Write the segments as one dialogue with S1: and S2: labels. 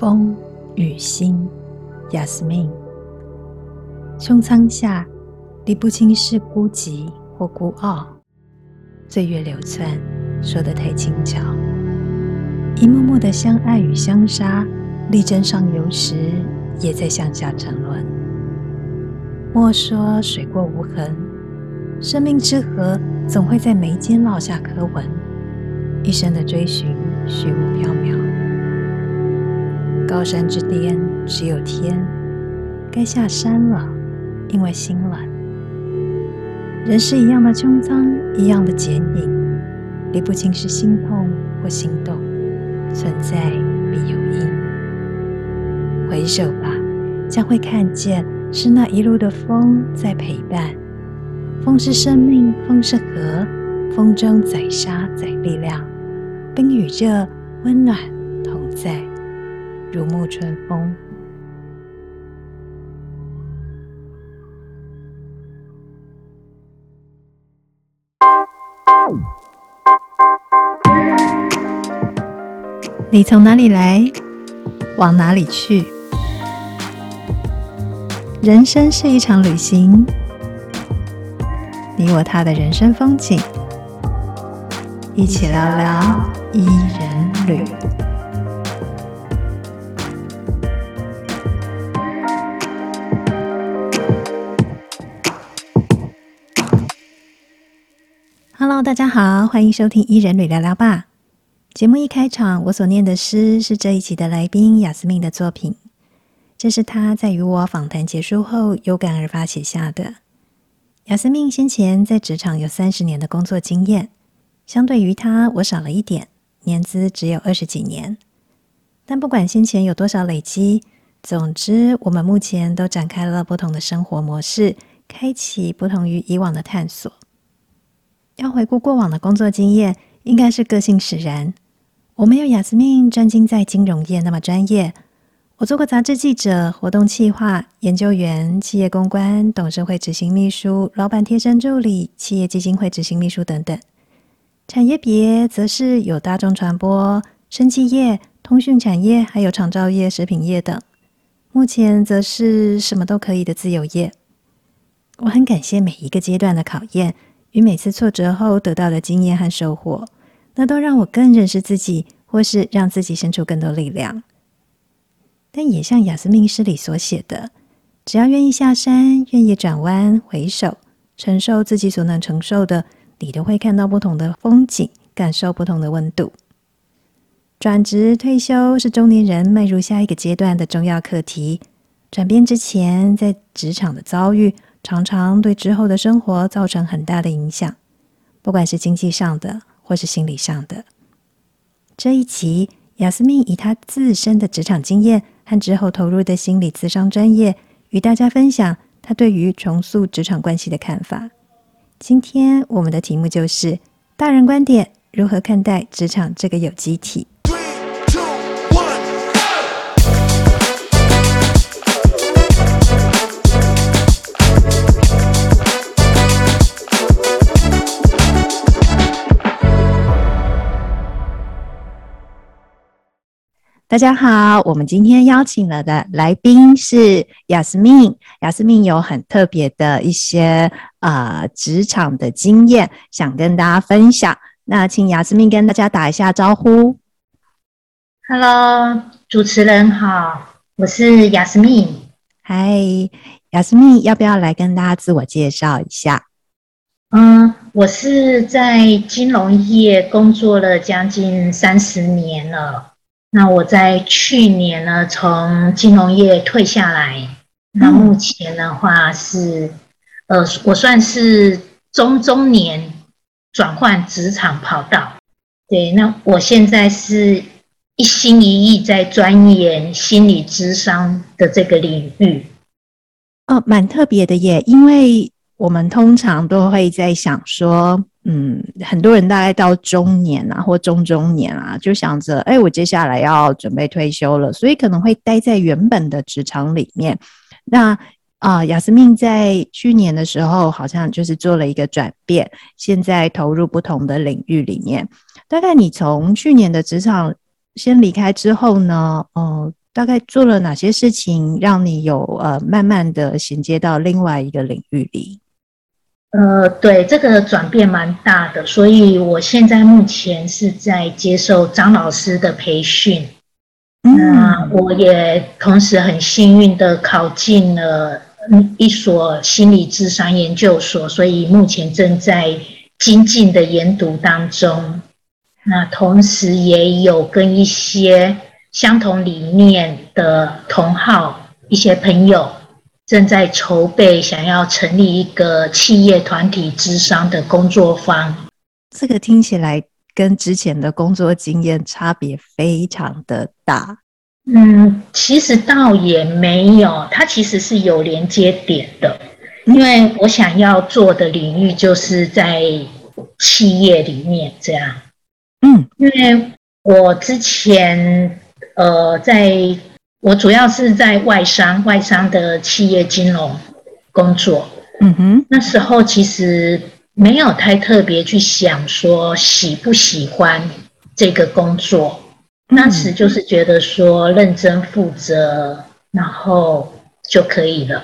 S1: 風雨心，雅思命。穹蒼下理不清是孤寂或孤傲，歲月流竄，說得太輕巧。一幕幕的相愛與相殺，力爭上游時也在向下沉淪。莫說水過無痕，生命之河總會在眉間烙下刻紋。一生的追尋，虛無縹緲。高山之巔，只有天。該下山了，因為心軟。人是一樣的胸膛，一樣的剪影，理不清是心痛或心動。存在必有因。回首吧，將會看見是那一路的風在陪伴。風是生命，風是河，風中載沙載力量。冰與熱，溫暖同在。如沐春風。你從哪裡來，往哪裡去？人生是一場旅行，你我他的人生風景，一起聊聊伊人旅。Hello，大家好，歡迎收聽伊人旅聊聊吧。節目一開場，我所念的詩是這一期的來賓雅思明的作品。這是他在與我訪談結束後有感而發寫下的。雅思明先前在職場有三十年的工作經驗，相對於他，我少了一點，年資只有二十幾年。但不管先前有多少累積，總之我們目前都展開了不同的生活模式，開啟不同於以往的探索。要回顧過往的工作經驗，應該是個性使然。我沒有雅思敏專精在金融業那麼專業。我做過雜誌記者、活動企劃、研究員、企業公關、董事會執行秘書、老板貼身助理、企業基金會執行秘書等等。產業別則是有大眾傳播、生技業、通訊產業，還有廠造業、食品業等。目前則是什麼都可以的自由業。我很感謝每一個階段的考驗。與每次挫折後得到的經驗和收穫，那都讓我更認識自己，或是讓自己生出更多力量。但也像亞斯敏詩裡所寫的，只要願意下山，願意轉彎、回首，承受自己所能承受的，你都會看到不同的風景，感受不同的溫度。轉職退休是中年人邁入下一個階段的重要課題。轉變之前在職場的遭遇，常常對之後的生活造成很大的影響，不管是經濟上的，或是心理上的。這一期，雅思密以他自身的職場經驗和之後投入的心理諮商專業，與大家分享他對於重塑職場關係的看法。今天我們的題目就是：大人觀點，如何看待職場這個有機體？大家好，我們今天邀請了的來賓是亞斯密。亞斯密有很特別的一些呃職場的經驗，想跟大家分享。那請亞斯密跟大家打一下招呼。Hello，主持人好，我是亞斯密。嗨，亞斯密，要不要來跟大家自我介紹一下？嗯，我是在金融業工作了將近三十年了。
S2: 那我在去年呢，從金融業退下來。
S3: 那、嗯、目前
S2: 的話是，呃，我算是中中年轉換職場跑道。對，那我現在是一心一意在鑽研心理諮商的這個領域。
S1: 哦，蠻特別的耶，因為我們通常都會在想說。嗯，很多人大概到中年啊，或中中年啊，就想着，哎、欸，我接下來要準備退休了，所以可能會待在原本的職場裡面。那啊、呃，雅斯敏在去年的時候，好像就是做了一個轉變，現在投入不同的領域裡面。大概你從去年的職場先離開之後呢，嗯、呃，大概做了哪些事情，讓你有呃慢慢的銜接到另外一個領域裡？呃，對，這個轉變蠻
S2: 大的，所以我現在目前是在接受張老師的培訓，嗯，那我也同時很幸運的考進了嗯一所心理諮商研究所，所以目前正在精進的研讀當中，那同時也有跟一些相同理念的同好，一些朋友。正
S1: 在籌備，想要成立一個企業團體諮商的工作坊。這個聽起來跟之前的工作經驗差別非常的大。
S2: 嗯，其實倒也沒有，它其實是有連接點的，因為我想要做的領域就是在企業裡面這樣。嗯，因為我之前呃在。我主要是在外商外商的企業金融工作，嗯哼，那時候其實沒有太特別去想說喜不喜歡這個工作，那時就是覺得說認真負責，然後就可以了。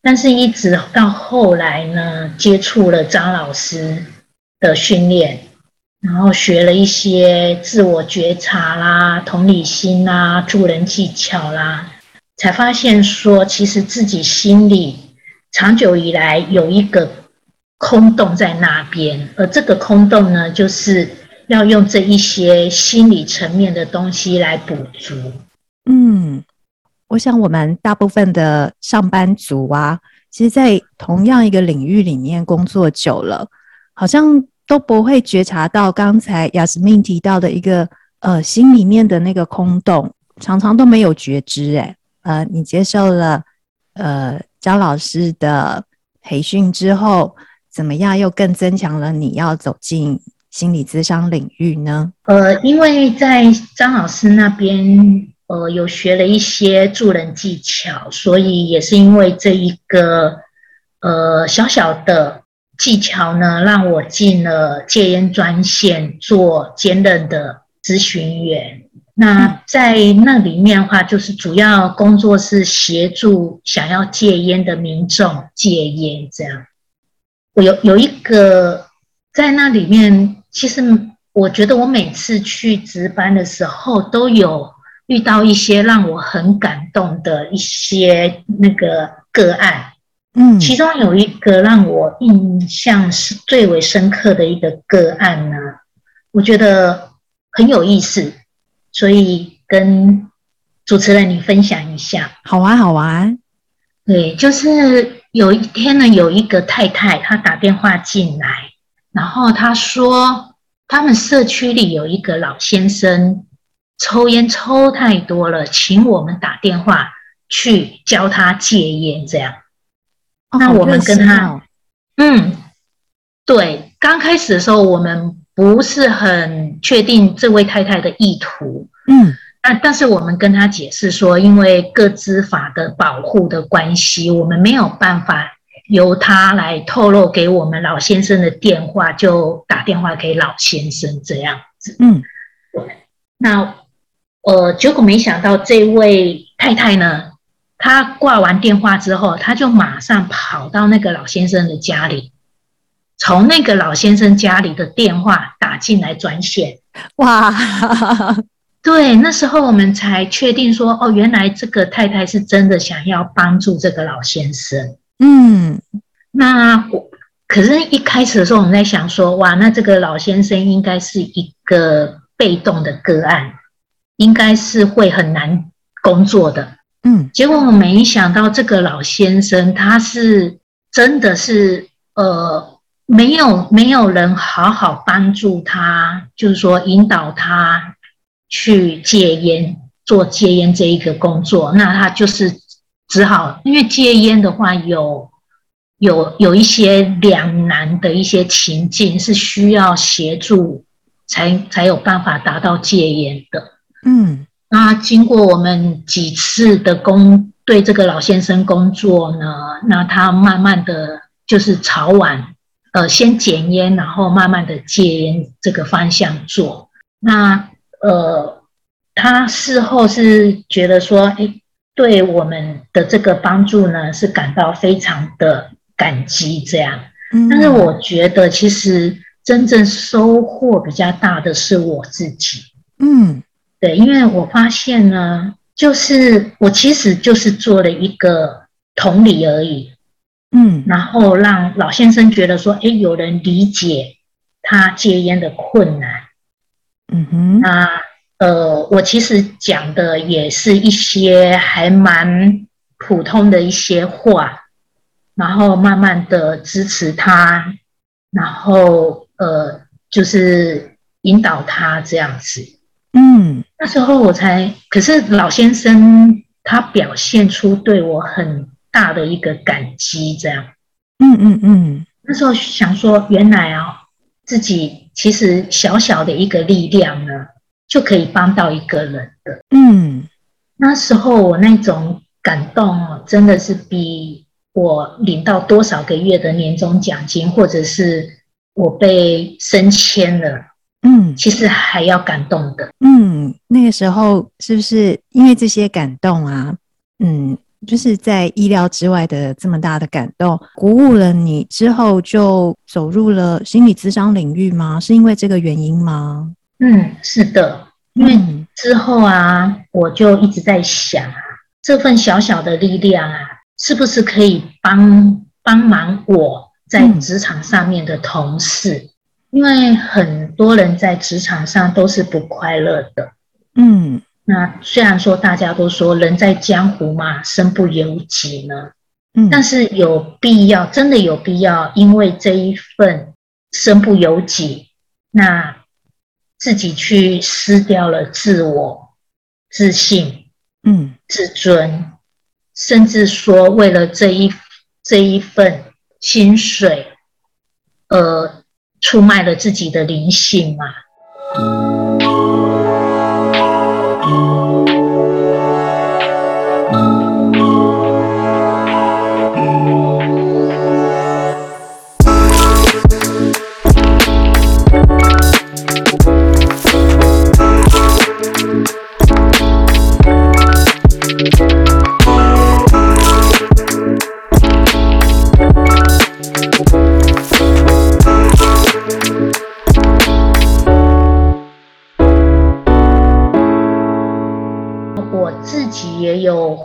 S2: 但是一直到後來呢，接觸了張老師的訓練。然後學了一些自我覺察啦、同理心啦、助人技巧啦，才發現說，其實自己心裡長久以來有一個空洞在那邊，而這個空洞呢，就是要用這一些心理層面的東西來
S1: 補足。嗯，我想我們大部分的上班族啊，其實，在同樣一個領域裡面工作久了，好像。都不會覺察到剛才雅斯敏提到的一個呃心裡面的那個空洞，常常都沒有覺知、欸。哎，呃，你接受了呃張老師的培訓之後，怎麼樣又更增強了你要走進心理諮商領域呢？呃，因為在張老師那
S2: 邊呃有學了一些助人技巧，所以也是因為這一個呃小小的。技巧呢，讓我進了戒菸專線做兼任的諮詢員。那在那裡面的話，就是主要工作是協助想要戒菸的民眾戒菸這樣。我有有一個在那裡面，其實我覺得我每次去值班的時候，都有遇到一些讓我很感動的一些那個個案。嗯，其中有一個讓我印象是最為深刻的一個個案呢，我覺得很有意思，所以跟主持人你分享一下。好玩，好玩，好玩。對，就是有一天呢，有一個太太她打電話進來，然後她說他們社區裡有一個老先生抽菸抽太多了，請我們打電話去教他戒菸，這樣。Oh, 那我們跟
S3: 他，
S2: 嗯，對，剛開始的時候我們不是很確定這位太太的意圖，嗯，那但是我們跟他解釋說，因為個資法的保護的關係，我們沒有辦法由他來透露給我們老先生的電話，就打電話給老先生這樣子，嗯，那呃，結果沒想到這位太太呢，他掛完電話之後，他就馬上跑到那個老先生的家裡，從那個老先生家裡的電話打進來轉線。哇，哈哈哈，對，那時候我們才確定說，哦，原來這個太太是真的想要幫助這個老先生。嗯，那我可是，一開始的時候我們在想說，哇，那這個老先生應該是一個被動的個案，應該是會很難工作的。嗯，結果我沒想到這個老先生，他是真的是呃，沒有沒有人好好幫助他，就是說引導他去戒菸，做戒菸這一個工作，那他就是只好，因為戒菸的話有有有一些兩難的一些情境，是需要協助才才有辦法達到戒菸的。
S3: 嗯。
S2: 那經過我們幾次的工對這個老先生工作呢，那他慢慢的就是朝往，呃，先減菸，然後慢慢的戒菸這個方向做。那呃，他事後是覺得說，哎，對我們的這個幫助呢，是感到非常的感激這樣。
S3: 嗯、但是我
S2: 覺得，其實真正收穫比較大的是我自己。嗯。對，因為我發現呢，就是我其實就是做了一個同理而已，
S3: 嗯，然
S2: 後讓老先生覺得說，哎，有人理解他戒菸的困難，嗯哼，那呃，我其實講的也是一些還蠻普通的一些話，然後慢慢的支持他，然後呃，就是引導他這樣子，
S3: 嗯。
S2: 那時候我才，可是老先生他表現出對我很大的一個感激，這樣，嗯嗯
S3: 嗯。嗯嗯
S2: 那時候想說，原來哦、啊，自己其實小小的一個力量呢，就可以幫到一個人的。嗯，那時候我那種感動哦，真的是比我領到多少個月的年終獎金，或者是我被升遷了。嗯，其實還要感動的。嗯，
S1: 那個時候是不是因為這些感動啊？嗯，就是在意料之外的這麼大的感動，鼓舞了你之後就走入了心理諮商領域嗎？是因為這個原因嗎？
S2: 嗯，是的。嗯。因為之後啊，我就一直在想啊，這份小小的力量啊，是不是可以幫幫忙我在職場上面的同事？嗯因為很多人在職場上都是不快樂的，嗯，那雖然說大家都說人在江湖嘛，身不由己呢，嗯，但是有必要，真的有必要，因為這一份身不由己，那自己去失掉了自我、自信、嗯、自尊，甚至說為了這一這一份薪水，呃。出賣了自己的靈性嘛，啊？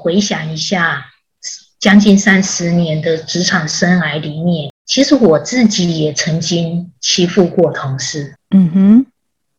S2: 回想一下，將近三十年的職場生涯裡面，其實我自己也曾經欺負過同事。嗯哼，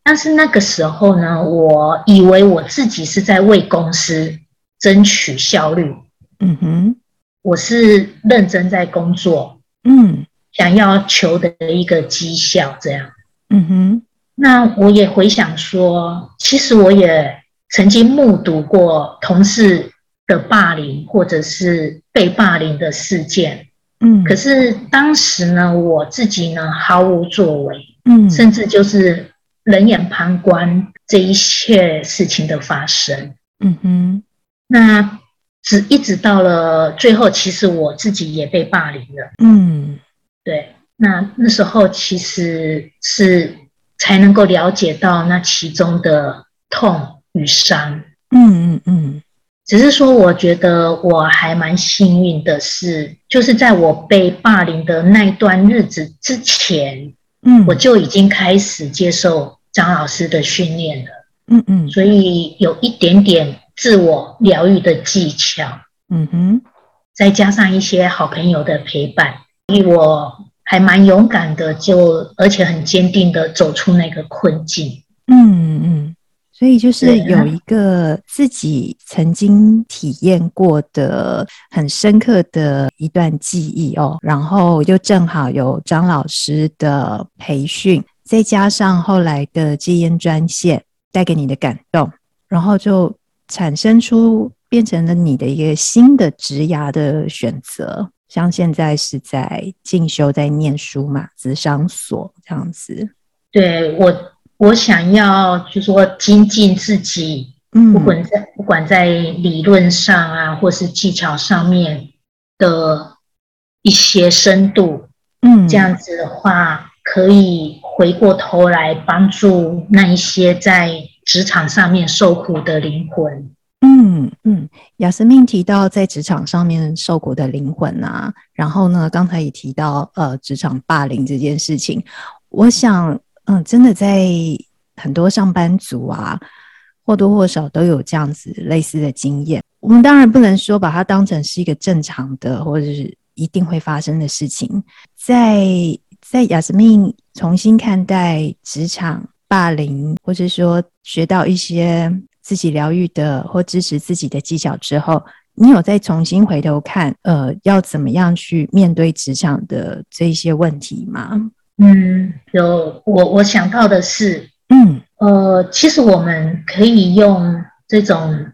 S2: 但是那個時候呢，我以為我自己是在為公司爭取效率。嗯哼，我是認真在工作。嗯，想要求得一個績效這樣。嗯哼，那我也回想說，其實我也曾經目睹過同事。的霸凌或者是被霸凌的事件，嗯，可是當時呢，我自己呢毫無作為，嗯，甚至就是冷眼旁觀這一切事情的發生，嗯哼，那只一直到了最後，其實我自己也被霸凌了，嗯，對，那那時候其實是才能夠了解到那其中的痛與傷，嗯嗯嗯。只是說，我覺得我還蠻幸運的是，是就是在我被霸凌的那段日子之前，嗯，我就已經開始接受張老師的訓練了，嗯嗯，所以有一點點自我療癒的技巧，嗯哼，再加上一些好朋友的陪伴，所以我還蠻勇敢的就，就而且很堅定的走出那個困境，嗯
S1: 嗯。所以就是有一個自己曾經體驗過的很深刻的一段記憶哦，然後又正好有張老師的培訓，再加上後來的戒菸專線帶給你的感動，然後就產生出變成了你的一個新的職涯的選擇，像現在是在進修在念書嘛，諮商所這樣子，對我。我想要就是說精進自己，
S2: 嗯，不管在不管在理論上啊，或是技巧上面的一些深度，
S3: 嗯，這樣子的
S2: 話，可以回
S1: 過頭來幫助那一些在職場上面受苦的靈魂嗯。嗯嗯，亞瑟明提到在職場上面受苦的靈魂啊，然後呢，剛才也提到呃，職場霸凌這件事情，我想。嗯，真的在很多上班族啊，或多或少都有這樣子類似的經驗。我們當然不能說把它當成是一個正常的，或者是一定會發生的事情。在在亞斯敏重新看待職場霸凌，或者說學到一些自己療癒的或支持自己的技巧之後，你有再重新回頭看，呃，要怎麼樣去面對職場的這些問題嗎？嗯，有我，我想到的是，
S3: 嗯、
S1: 呃，其實我們可以用這
S2: 種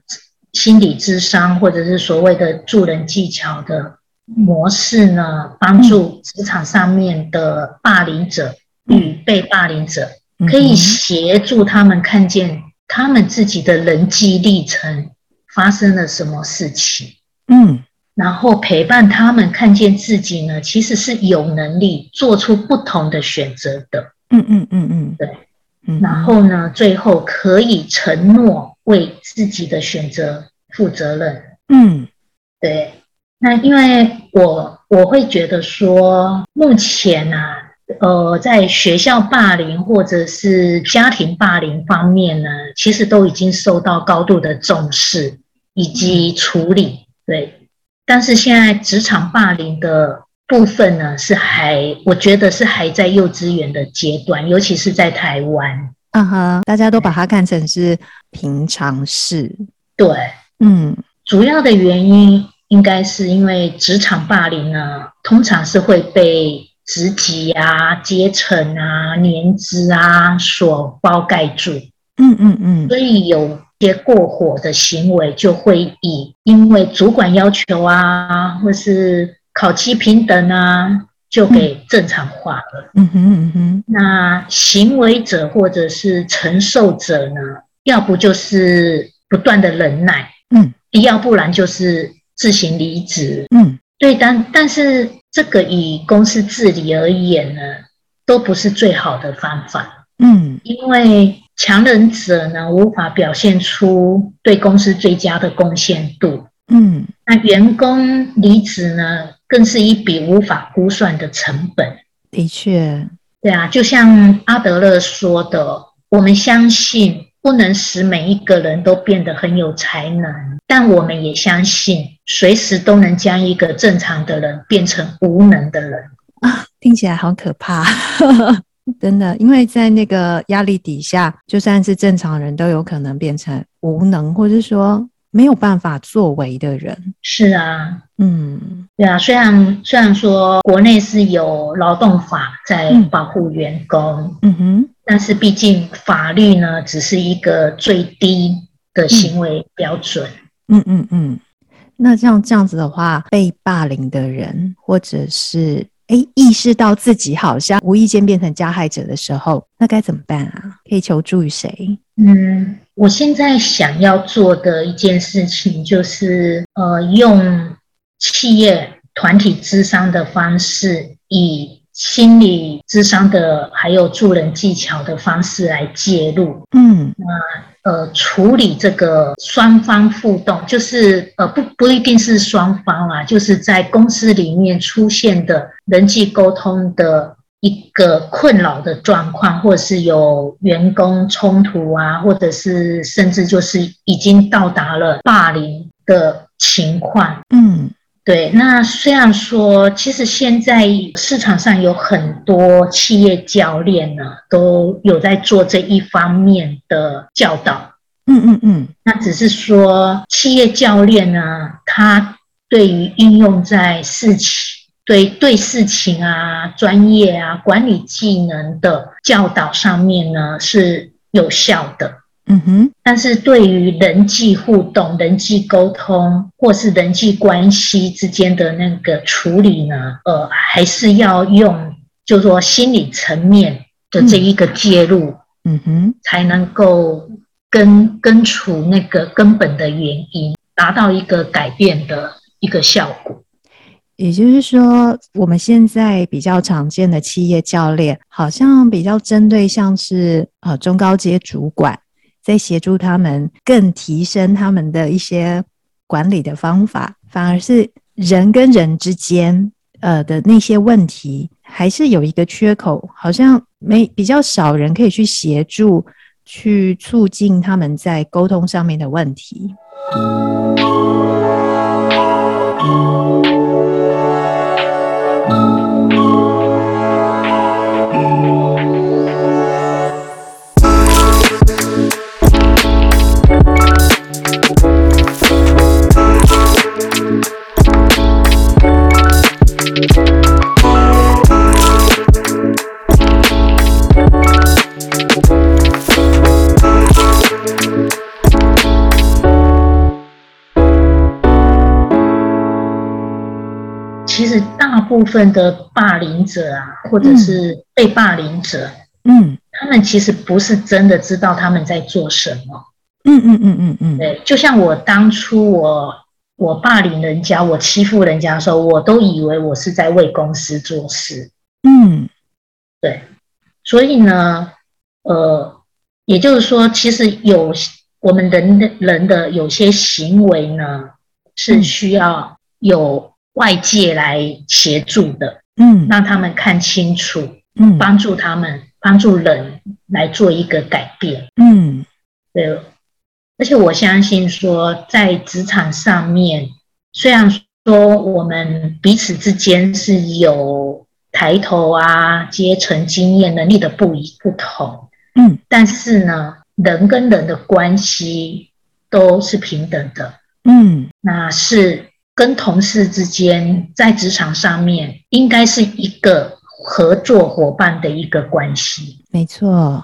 S2: 心理諮商或者是所謂的助人技巧的模式呢，幫助職場上面的霸凌者與被霸凌者，可以協助他們看見他們自己的人際歷程發生了什麼事情。嗯。然後陪伴他們看見自己呢，其實是有能力做出不同的選擇的。嗯嗯嗯嗯，嗯嗯對。嗯，然後呢，最後可以承諾為自己的選擇負責任。嗯，對。那因為我我會覺得說，目前啊，呃，在學校霸凌或者是家庭霸凌方面呢，其實都已經受到高度的重視以及處理。嗯，對。但是現在職場霸凌的部分呢，是還我覺得是還在幼稚園的階段，尤
S1: 其是在台灣啊哈，Uh-huh，大家都把它看成是平常事。對，嗯，
S2: 主要的原因應該是因為職場霸凌呢，通常是會被職級啊、階層啊、年資啊所包蓋住。嗯嗯嗯。所以有些過火的行為就會以因為主管要求啊，或是考績評等啊，就給正常化了。嗯哼嗯哼。那行為者或者是承受者呢，要不就是不斷的忍耐，嗯，要不然就是自行離職，嗯，對。但但是這個以公司治理而言呢，都不是最好的方法，嗯，因為。強人者呢，無法表現出對公司最佳的貢獻度。嗯，那員工離職呢，更是一筆無法估算的成本。的確確，對啊，就像阿德勒說的，我們相信不能使每一個人都變得很有才能，但我們也相信，隨時都能將一個正常的人變成無能的人。
S1: 啊，聽起來好可怕。 真的，因為在那個壓力底下，就算是正常人都有可能變成無能，或者說沒有辦法作為的人。是啊，嗯，對啊。雖然
S2: 雖然說國內是有勞動法在保護員工，嗯,嗯哼，但是畢竟法律呢只是一個最低的行為標準。嗯
S1: 嗯嗯,嗯。那像這樣子的話，被霸凌的人或者是。哎，意識到自己好像無意間變成加害者的時候，那該怎麼辦啊？可以求助於誰？嗯，
S2: 我現在想要做的一件事情，就是呃，用企業團體諮商的方式，以心理諮商的還有助人技巧的方式來介入。嗯，那。呃，處理這個雙方互動，就是呃，不不一定是雙方啊，就是在公司裡面出現的人際溝通的一個困擾的狀況，或者是有員工衝突啊，或者是甚至就是已經到達了霸凌的情況。嗯。對，那雖然說，其實現在市場上有很多企業教練呢，都有在做這一方面的教導。嗯嗯嗯，
S3: 嗯
S2: 嗯那只是說，企業教練呢，他對於應用在事情、對對事情啊、專業啊、管理技能的教導上面呢，是有效的。嗯哼，但是對於人際互動、人際溝通或是人際關係之間的那個處理呢，呃，還是要用，就是說心理層面的這一個介入，嗯，嗯哼，才能夠根根除那個根本的原因，達到一個改變的一個效果。
S1: 也就是說，我們現在比較常見的企業教練，好像比較針對像是呃中高階主管。在協助他們更提升他們的一些管理的方法，反而是人跟人之間呃的那些問題，還是有一個缺口，好像沒比較少人可以去協助去促進他們在溝通上面的問題，嗯。
S2: 部分的霸凌者啊，或者是被霸凌者，嗯，他們其實不是真的知道他們在做什麼，嗯嗯嗯嗯嗯，嗯嗯嗯對，就像我當初我我霸凌人家，我欺負人家的時候，我都以為我是在為公司做事，
S3: 嗯，
S2: 對，所以呢，呃，也就是說，其實有我們人的人的有些行為呢，是需要有。外界來協助的，嗯，讓他們看清楚，嗯，幫助他們，幫助人來做一個改變，嗯，對。而且我相信說，在職場上面，雖然說我們彼此之間是有抬頭啊、階層、經驗、能力的不一不同，嗯，但是呢，人跟人的關係都是平等的，嗯，那是。跟同事之間在職場上面應該是一個合作夥伴的一個關係，沒錯，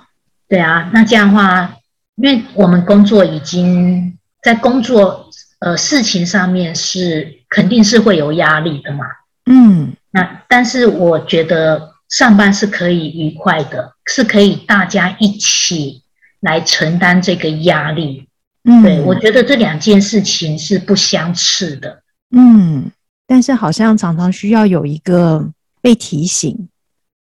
S2: 對啊，那這樣的話，因為我們工作已經在工作呃事情上面是肯定是會有壓力的嘛，嗯，那但是我覺得上班是可以愉快的，是可以大家一起來承擔這個壓力，
S1: 嗯、對，我覺
S2: 得這兩件事情是不相斥的。
S1: 嗯，但是好像常常需要有一個被提醒，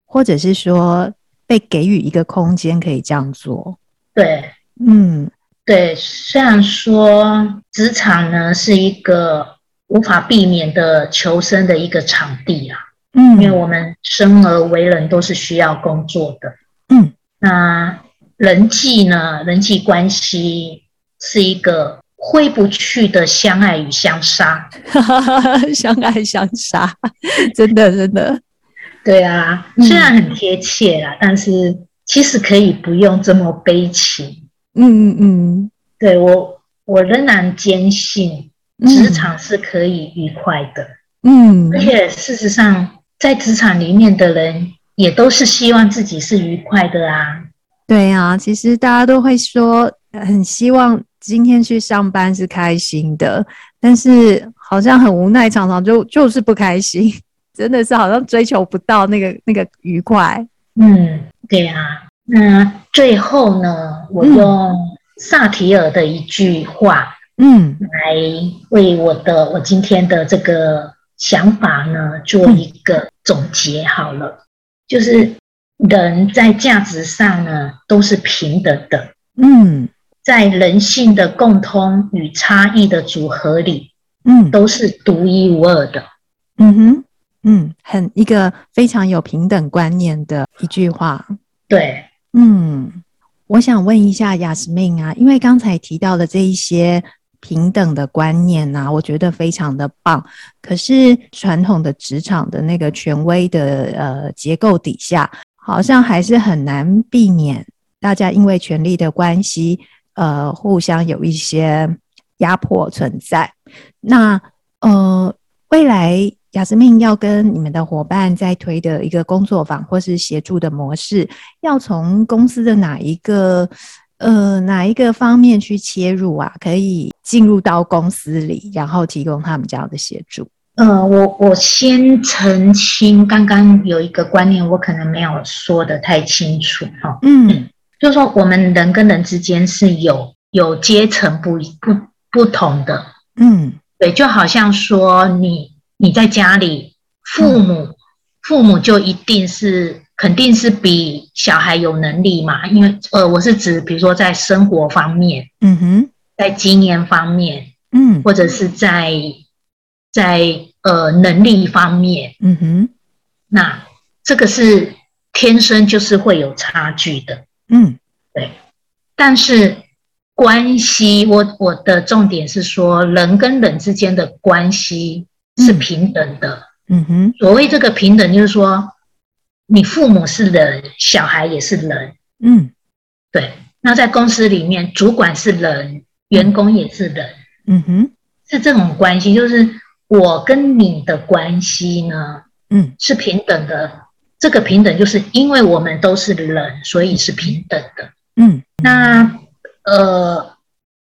S1: 或者是說被給予一個空間可以這樣做。對，嗯，
S2: 對。雖然說職場呢，是一個無法避免的求生的一個場地啊，嗯，
S3: 因為我
S2: 們生而為人都是需要工作的，嗯，那人際呢，人際關係是一個。揮不去的相愛與相殺， 相愛相殺，
S1: 真的真
S2: 的，對啊，嗯、雖然很貼切啦，但是其實可以不用這麼悲情。嗯
S1: 嗯嗯，
S2: 對我我仍然堅信，職場是可以愉快的。嗯，而且事實上，在職場裡面的人也都是希望自己是愉快的啊。
S1: 對啊，其實大家都會說，很希望。今天去上班是開心的，但是好像很無奈，常常就就是不開心，真的是好像追求不到那個那個愉快。
S3: 嗯，
S1: 對啊。
S2: 那最後呢，我用薩提爾的一句話，嗯，來為我的我今天的這個想法呢做一個總結好了，就是人在價值上呢都是平等的。嗯。在人性的共通與
S1: 差異的組合裡，嗯，都是獨一無二的。嗯哼，嗯，很一個非常有平等觀念的一句話。對，嗯，我想問一下亞斯敏啊，因為剛才提到的這一些平等的觀念啊，我覺得非常的棒。可是傳統的職場的那個權威的呃結構底下，好像還是很難避免大家因為權力的關係。呃，互相有一些壓迫存在。那呃，未來亞斯敏要跟你們的夥伴在推的一個工作坊或是協助的模式，要從公司的哪一個呃哪一個方面去切入啊？可以進入到公司裡，然後提供他們這樣的協助。
S2: 呃，我我先澄清，剛剛有一個觀念，我可能沒有說得太清楚哈。哦、嗯。就是說，我們人跟人之間是有有階層不不不同的，嗯，對，就好像說你你在家裡，
S3: 父母、
S2: 嗯、父母就一定是肯定是比小孩有能力嘛，因為呃，我是指比如說在生活方面，嗯
S3: 哼，
S2: 在經驗方面，嗯，或者是在在呃能力方面，嗯哼，那這個是天生就是會有差距的。嗯，對，但是關係，我我的重點是說，人跟人之間的關係是平等的。嗯，嗯
S3: 哼，
S2: 所謂這個平等，就是說，你父母是人，小孩也是人。嗯，對。那在公司裡面，主管是人，員工也是人。嗯哼，是這種關係，就是我跟你的關係呢，嗯，是平等的。這個平等就是因為我們都是人，所以是平等的。嗯，那呃，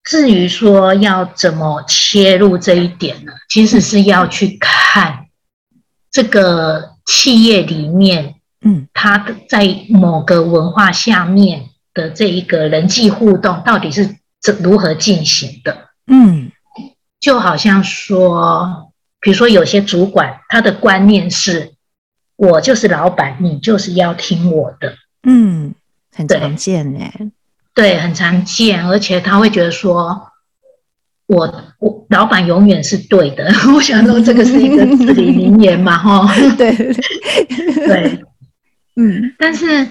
S2: 至於說要怎麼切入這一點呢？其實是要去看這個企業裡面，嗯，它的在某個文化下面的這一個人際互動到底是如何進行的。嗯，就好像說，比如說有些主管他的觀念是。我就是老闆，你就是要聽我的。嗯，很常見哎。對，很常見，而且他會覺得說，我我老闆永遠是對的。 我想說，這個是一個至理名言嘛，哈。 對。 對，對。嗯，但是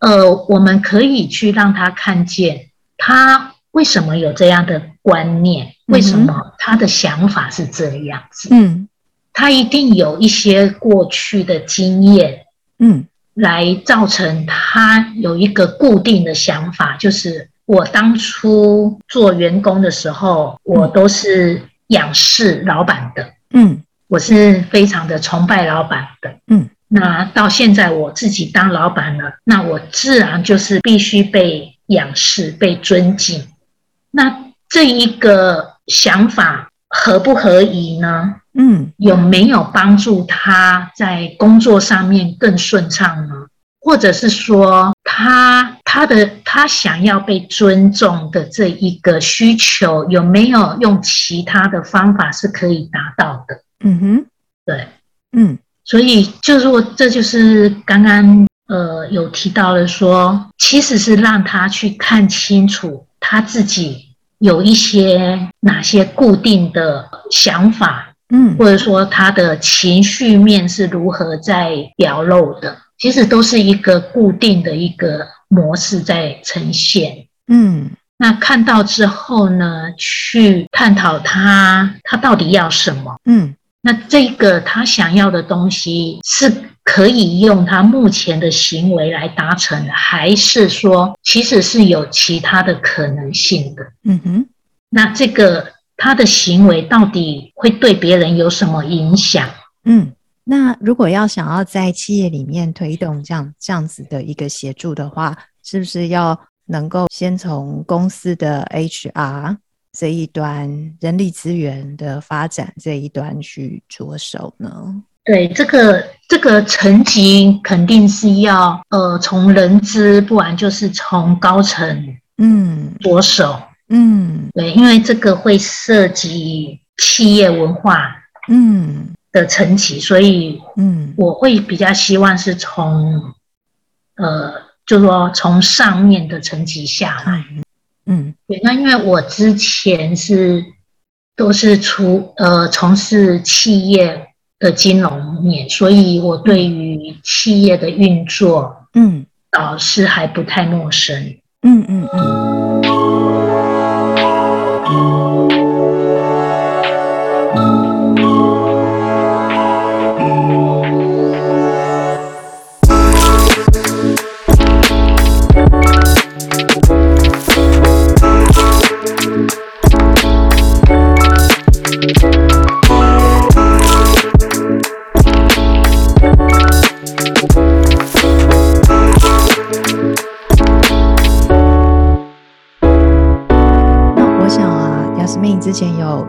S2: 呃，我們可以去讓他看見，他為什麼有這樣的觀念，嗯、為什麼他的想法是這樣子。嗯。他一定有一些過去的經驗，嗯，來造成他有一個固定的想法，就是我當初做員工的時候，我都是仰視老闆的，嗯，我是非常的崇拜老闆的，嗯，那到現在我自己當老闆了，那我自然就是必須被仰視、被尊敬，那這一個想法。合不合宜呢？嗯，有沒有幫助他在工作上面更順暢呢？或者是說他，他他的他想要被尊重的這一個需求，有沒有用其他的方法是可以達到的？嗯哼，對，嗯，所以就如果這就是剛剛呃有提到了說，其實是讓他去看清楚他自己。有一些哪些固定的想法，嗯，或者說他的情緒面是如何在表露的，其實都是一個固定的一個模式在呈現，嗯，那看到之後呢，去探討他他到底要什麼，嗯。那這個他想要的東西是可以用他目前的行為來達成，還是說其實是有其他的可能性的？嗯
S3: 哼。
S2: 那這個他的行為到底會對別人有什麼影響？
S1: 嗯，那如果要想要在企業裡面推動這樣這樣子的一個協助的話，是不是要能夠先從公司的 HR？這一端人力資源的發展，這一端去着手呢？對，這
S2: 個這個層級肯定是要呃，從人資，不然就是從高層嗯
S3: 着手嗯，
S2: 對，因為這個會涉及企業文化嗯的層級，所以嗯，我會比較希望是從呃，就說從上面的層級下來。嗯嗯，對，那因為我之前是都是出呃從事企業的金融面，所以我對於企業的運作，嗯，倒是、呃、還不太陌生，嗯嗯嗯。嗯嗯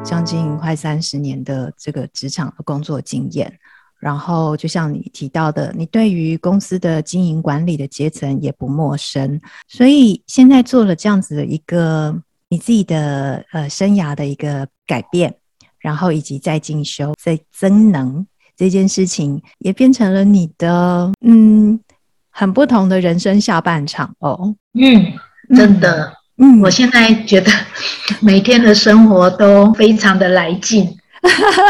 S1: 將近快三十年的這個職場的工作經驗，然後就像你提到的，你對於公司的經營管理的階層也不陌生，所以現在做了這樣子的一個你自己的呃生涯的一個改變，然後以及再進修、再增能這件事情，也變成了你的嗯很不同的人生下半場哦，嗯，真的。嗯嗯，我現在覺得每天的生活
S2: 都非常的來勁，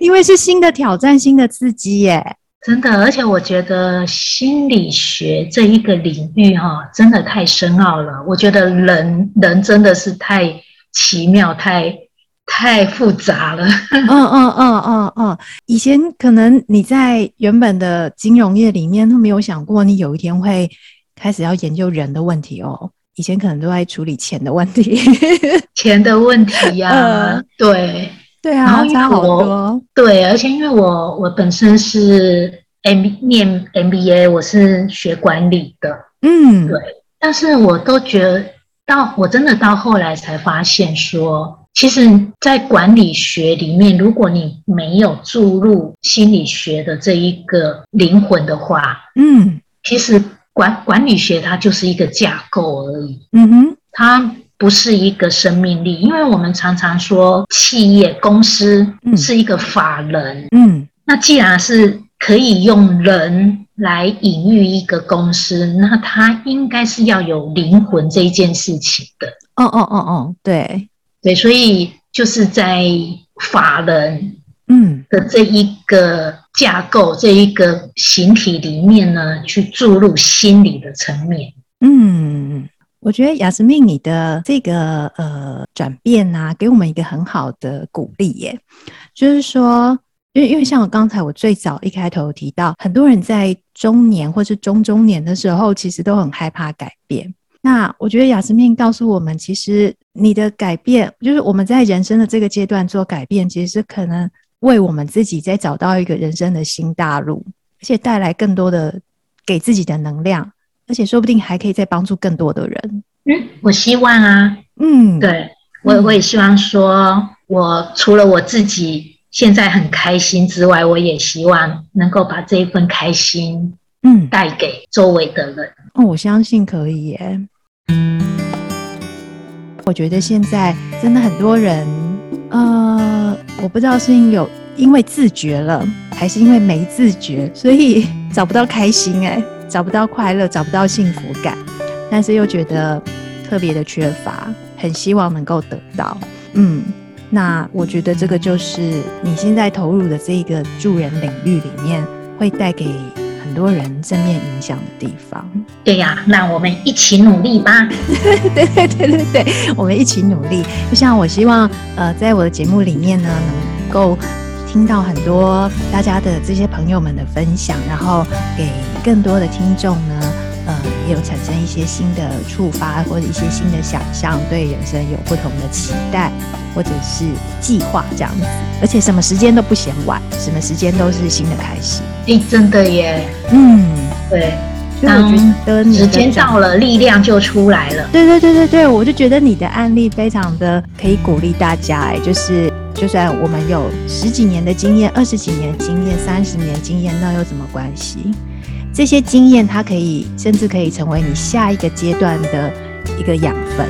S2: 因為是新的挑戰、新的刺激耶。真的，而且我覺得心理學這一個領域哈、哦，真的太深奧了。我覺得人人真的是太奇妙、太太複雜
S1: 了。嗯嗯嗯嗯嗯，以前可能你在原本的金融業裡面都沒有想過，你有一天會開始要研究人的問題哦。以前可能都在處理錢的問題， 錢的問題呀、啊，呃、
S2: 對，
S3: 對啊，然後因為我，差好多。
S1: 對，而且因為我我本身是
S2: M 念 MBA，我是學管理的，嗯，對。但是我都覺得到，到我真的到後來才發現，說，其實在管理學裡面，如果你沒有注入心理學的這一個靈魂的話，嗯，其實。管管理學它就是一個架構而已，嗯哼，它不是一個生命力，因為我們常常說企業公司是一個法人，嗯，嗯，那既然是可以用人來隱喻一個公司，那它應該是要有靈魂這一件事情的。哦哦哦哦，對對，所以就是在法人嗯的這一個。架構這一個形體裡面呢，去注入心理的層面。嗯，
S1: 我覺得雅思命你的這個呃轉變呢、啊，給我們一個很好的鼓勵耶。就是說，因為因為像我剛才我最早一開頭提到，很多人在中年或是中中年的時候，其實都很害怕改變。那我覺得雅思命告訴我們，其實你的改變，就是我們在人生的這個階段做改變，其實可能。為我們自己再找到一個人生的新大陸，而且帶來更多的給自己的能量，而且說不定還可以再幫助更多的人。
S2: 嗯，我希望啊，
S1: 嗯，對我我也希望說我，
S2: 我、嗯、除了我自己現在很開心之外，我也希望能夠把這一份開心嗯帶給周圍的人、嗯。
S1: 哦，我相信可以耶。嗯、我覺得現在真的很多人。呃，我不知道是因為有因為自覺了，還是因為沒自覺，所以找不到開心哎、欸，找不到快樂，找不到幸福感，但是又覺得特別的缺乏，很希望能夠得到。嗯，那我覺得這個就是你現在投入的這個助人領域裡面會帶給很多人正面影響的地方。對呀，啊，那我們一起努力吧。對 對對對對，我們一起努力。就像我希望，呃，在我的節目裡面呢，能夠聽到很多大家的這些朋友們的分享，然後給更多的聽眾呢。也有產生一些新的觸發，或者一些新的想象，對人生有不同的期待，或者是計劃這樣子。而且什麼時間都不嫌晚，什麼時間都是新的開始。誒，真的耶。嗯，對。所以我覺得時間到了，這樣，力量就出來了。對對對對對，我就覺得你的案例非常的可以鼓勵大家哎，就是就算我們有十幾年的經驗、二十幾年經驗、三十年經驗，那又怎麼關係？這些經驗，它可以甚至可以成為你下一個階段的一個養分。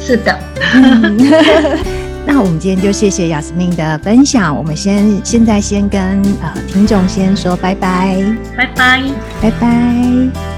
S1: 是的，嗯， 那我們今天就謝謝雅斯敏的分享。我們先現在先跟呃聽眾先說拜拜，拜拜，拜拜。